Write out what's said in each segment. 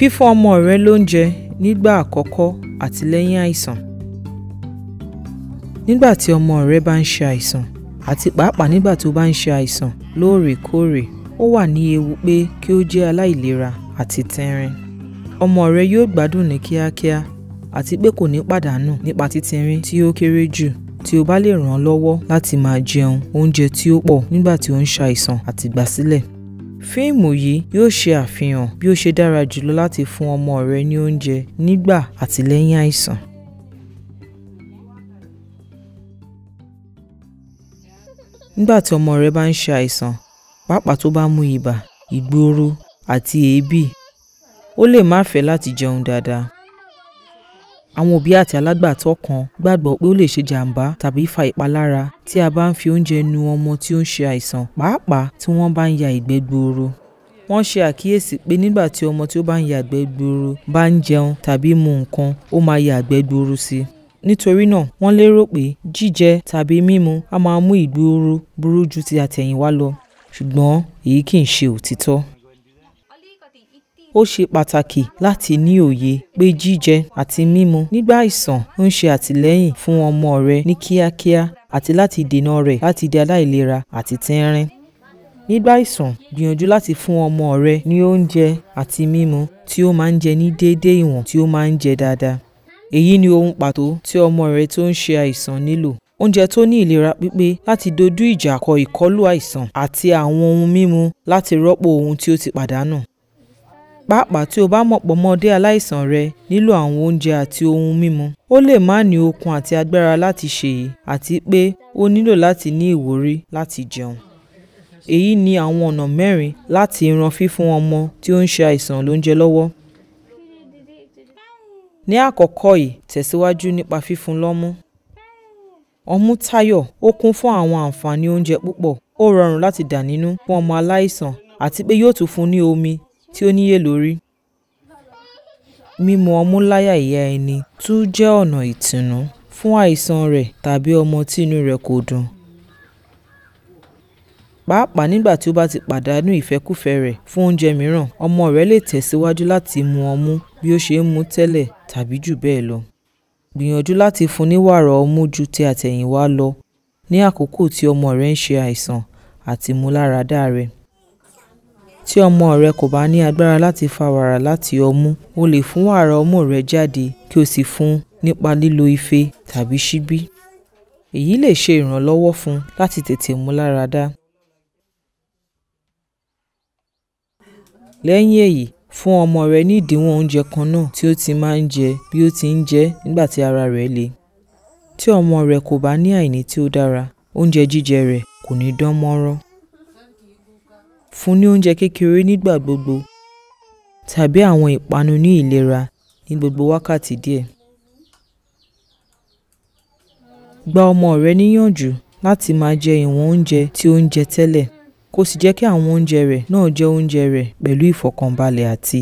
fífún ọmọ rẹ lóúnjẹ nígbà àkọ́kọ́ àti lẹ́yìn àìsàn nígbà tí ọmọ rẹ bá ń ṣe àìsàn àti pàápàá nígbà tó bá ń ṣe àìsàn lóòrèkóòrè ó wà ní ewu pé kí ó jẹ́ aláìlera àti tínrín ọmọ rẹ yóò gbádùn ní kíákíá àti pé kò ní pàdánù nípa títínrín tí ó kéré jù tí o bá lè ràn án lọ́wọ́ láti máa jẹun oúnjẹ tí ó pọ̀ nígbà tí ó ń ṣàìsàn àtìgbàsílẹ̀ fíìmù yìí yóò ṣe àfihàn bí ó ṣe dára jùlọ láti fún ọmọ rẹ ní oúnjẹ nígbà àti lẹ́yìn àìsàn. nígbà tí ọmọ rẹ bá ń ṣe àìsàn pàápàá tó bá mú ibà ìgbóoru àti èébì ó lè má fẹ́ láti jẹun dáadáa Àwọn òbí àti alágbàtọ́ kan gbàgbọ́ pé ó lè ṣe jàǹbá tàbí fa ìpalára tí a bá ń fi oúnjẹ nu ọmọ tí ó ń ṣe àìsàn, pàápàá tí wọ́n bá ń ya ìgbẹ́ gbuuru. Wọ́n ṣe àkíyèsí pé nígbà tí ọmọ tí ó bá ń ya ìgbẹ́ gbuuru bá ń jẹun tàbí mu nǹkan, ó máa ya ìgbẹ́ gbuuru síi. Nítorí náà, wọ́n lérò pé jíjẹ tàbí mímu á máa mú ìgbóòrú burú ju ti àtẹ̀yìnwá lọ, ṣùgbọ́n èyí kìí ṣe òtítọ́ ó ṣe pàtàkì láti ní òye pé jíjẹ àti mímu nígbà àìsàn ń ṣe àtìlẹ́yìn fún ọmọ rẹ ní kíákíá àti láti dènà rẹ̀ láti di aláìlera àti tínrín. nígbà àìsàn gbìyànjú láti fún ọmọ rẹ ní oúnjẹ àti mímu tí ó máa ń jẹ ní déédéé ìwọ̀n tí ó máa ń jẹ dáadáa. èyí ni ohun pàtó tí ọmọ rẹ tó ń ṣe àìsàn nílò oúnjẹ tó ní ìlera pípé láti dojú ìjà kọ ìkọlù àìsàn àti àwọn ohun mímu láti rọ́pò ohun tí ó ti pàdánù pàápàá tí o bá mọ̀ pé ọmọdé aláìsàn rẹ nílò àwọn oúnjẹ àti ohun mímu ó lè má ní okun àti agbára láti ṣèyí àti pé ó nílò láti ní ìwúrí láti jẹun èyí ni àwọn ọ̀nà mẹ́rin láti ran fífún ọmọ tí ó ń ṣe àìsàn lóúnjẹ lọ́wọ́ ní àkọ́kọ́ yìí tẹ̀síwájú nípa fífún lọ́mú ọmú tayọ̀ ó kún fún àwọn àǹfààní oúnjẹ púpọ̀ ó rọrùn láti dà nínú fún ọmọ aláìsàn àti pé yóò tún fún ní omi tí ó níyè lórí. Mímu ọmú láyà ìyá ẹni tún jẹ́ ọ̀nà ìtùnú fún àìsàn rẹ̀ tàbí ọmọ tí inú rẹ̀ kò dùn. Pàápàá nígbà tí ó bá ti pàdánù ìfẹ́kúfẹ̀ẹ́ rẹ̀ fún oúnjẹ mìíràn, ọmọ rẹ̀ lè tẹ̀síwájú láti mu ọmú bí ó ṣe ń mu tẹ́lẹ̀ tàbí jù bẹ́ẹ̀ lọ. Gbìyànjú láti fún ní wàrà ọmú ju ti àtẹ̀yìnwá lọ ní àkókò tí ọmọ rẹ ń ṣe àìsàn àti ìmúláradá rẹ̀. Tí ọmọ rẹ kò bá ní agbára láti fa wàrà láti ọmú, o lè fún wàrà ọmú rẹ jáde kí o sì fún un nípa lílo ife tàbí ṣíbí. Èyí lè ṣe ìrànlọ́wọ́ fún un láti tètè mu láradá. Lẹ́yìn èyí, fún ọmọ rẹ ní ìdíwọ̀n oúnjẹ kan náà tí ó ti máa ń jẹ bí ó ti ń jẹ nígbà tí ara rẹ̀ le. Tí ọmọ rẹ kò bá ní àìní tí ó dára, oúnjẹ jíjẹ rẹ̀ kò ní dán mọ́rán fún ní oúnjẹ kékeré nígbà gbogbo tàbí àwọn ìpanu ní ìlera ní gbogbo wákàtí díẹ̀. Gba ọmọ rẹ níyànjú láti máa jẹ ìwọ̀n oúnjẹ tí ó ń jẹ tẹ́lẹ̀ kó sì jẹ́ kí àwọn oúnjẹ rẹ̀ náà jẹ́ oúnjẹ rẹ̀ pẹ̀lú ìfọ̀kànbalẹ̀ àti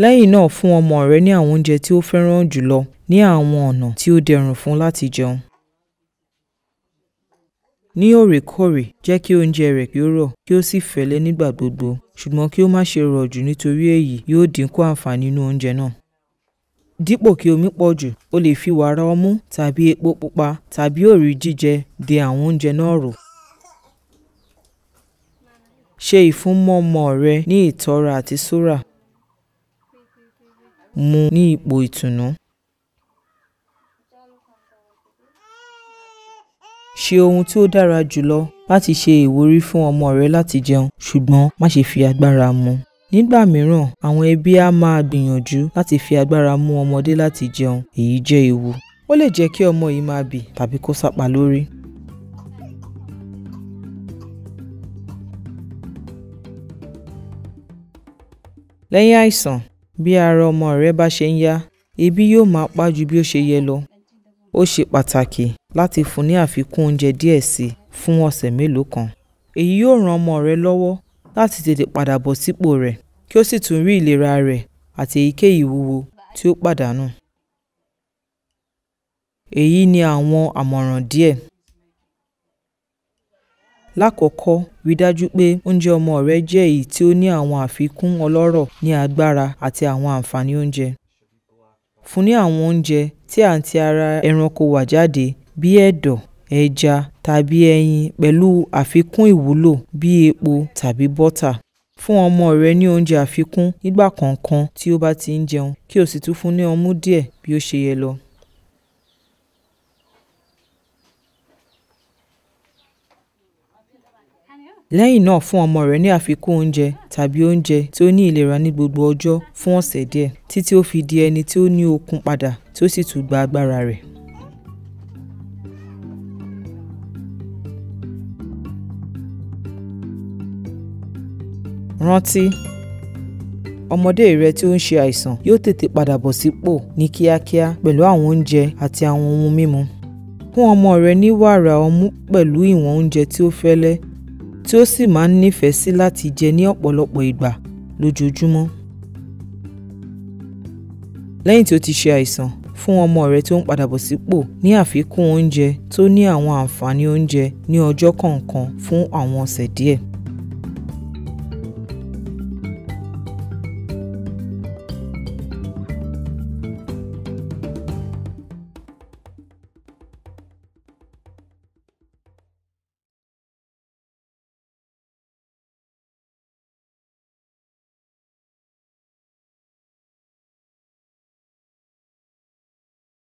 Lẹ́yìn náà fún ọmọ rẹ ní àwọn oúnjẹ tí ó fẹ́ràn jùlọ ní àwọn ọ̀nà tí ó dẹrùn fún láti jẹun. Ní òrèkóòrè, jẹ́ kí oúnjẹ rẹ kí ó rọ̀ kí ó sì fẹ́lẹ́ nígbà gbogbo, ṣùgbọ́n kí ó má ṣe rọ̀ jù nítorí èyí yóò dínkù àǹfààní inú oúnjẹ náà. Dípò kí omi pọ̀jù, o lè fi wàrà ọmú tàbí epo pupa tàbí òrí jíjẹ de àwọn oúnjẹ náà ró. Ṣe ìfúnmọmọ rẹ ní ìtọ́ra àti sórà. Mu ní ipò ìtùnú. ṣe ohun tí ó dára jùlọ láti ṣe ìwúrí fún ọmọ rẹ láti jẹun ṣùgbọ́n má ṣe fi agbára mu. nígbà mìíràn àwọn ẹbí á máa gbìyànjú láti fi agbára mú ọmọdé láti jẹun èyí jẹ́ ewu ó lè jẹ́ kí ọmọ yìí máa bì tàbí kó sápa lórí. lẹ́yìn àìsàn bí ara ọmọ rẹ bá ṣe ń yá ebi yóò máa pa ju bí ó ṣe yẹ lọ ó ṣe pàtàkì láti fún ní àfikún oúnjẹ díẹ̀ síi fún ọ̀sẹ̀ mélòó kan. èyí yóò ran ọmọ rẹ lọ́wọ́ láti tètè padà bọ̀ sípò rẹ̀ kí ó sì tún rí ìlera rẹ̀ àti èyíkéyìí ìwúwo tí ó pàdánù. èyí ni àwọn àmọ̀ràn díẹ̀. lákọ̀ọ́kọ́ rí dájú pé oúnjẹ ọmọ rẹ jẹ́ èyí tí ó ní àwọn àfikún ọlọ́rọ̀ ní agbára àti àwọn àǹfààní oúnjẹ. Fun ní àwọn oúnjẹ tí à ń ti ara ẹranko wa jáde bíi ẹ̀dọ̀, ẹja tàbí ẹyin pẹ̀lú àfikún ìwúlò bíi epo tàbí bọ́tà. Fún ọmọ rẹ ní oúnjẹ àfikún nígbà kọ̀ọ̀kan tí ó bá ti ń jẹun kí o sì tún fun ní ọmú díẹ̀ bí ó ṣe yẹ lọ. lẹ́yìn náà fún ọmọ rẹ ní àfikún oúnjẹ tàbí oúnjẹ tí ó ní ìlera ní gbogbo ọjọ́ fún ọ̀sẹ̀ díẹ̀, títí ó fi di ẹni tí ó ní okun padà tí ó sì tún gba agbára rẹ̀. Rántí, ọmọdé rẹ tí ó ń ṣe àìsàn yóò tètè padà bọ̀ sípò ní kíákíá pẹ̀lú àwọn oúnjẹ àti àwọn ohun mímu. Fún ọmọ rẹ ní wàrà ọmú pẹ̀lú ìwọ̀n oúnjẹ tí ó fẹ́lẹ́ tí ó sì máa ń nífẹ̀ẹ́ sí láti jẹ ní ọ̀pọ̀lọpọ̀ ìgbà lójoojúmọ́. lẹ́yìn tí ó ti ṣe àìsàn fún ọmọ rẹ tó ń padà bọ̀ sípò ní àfikún oúnjẹ tó ní àwọn àǹfààní oúnjẹ ní ọjọ́ kọ̀ọ̀kan fún àwọn ọ̀sẹ̀ díẹ̀.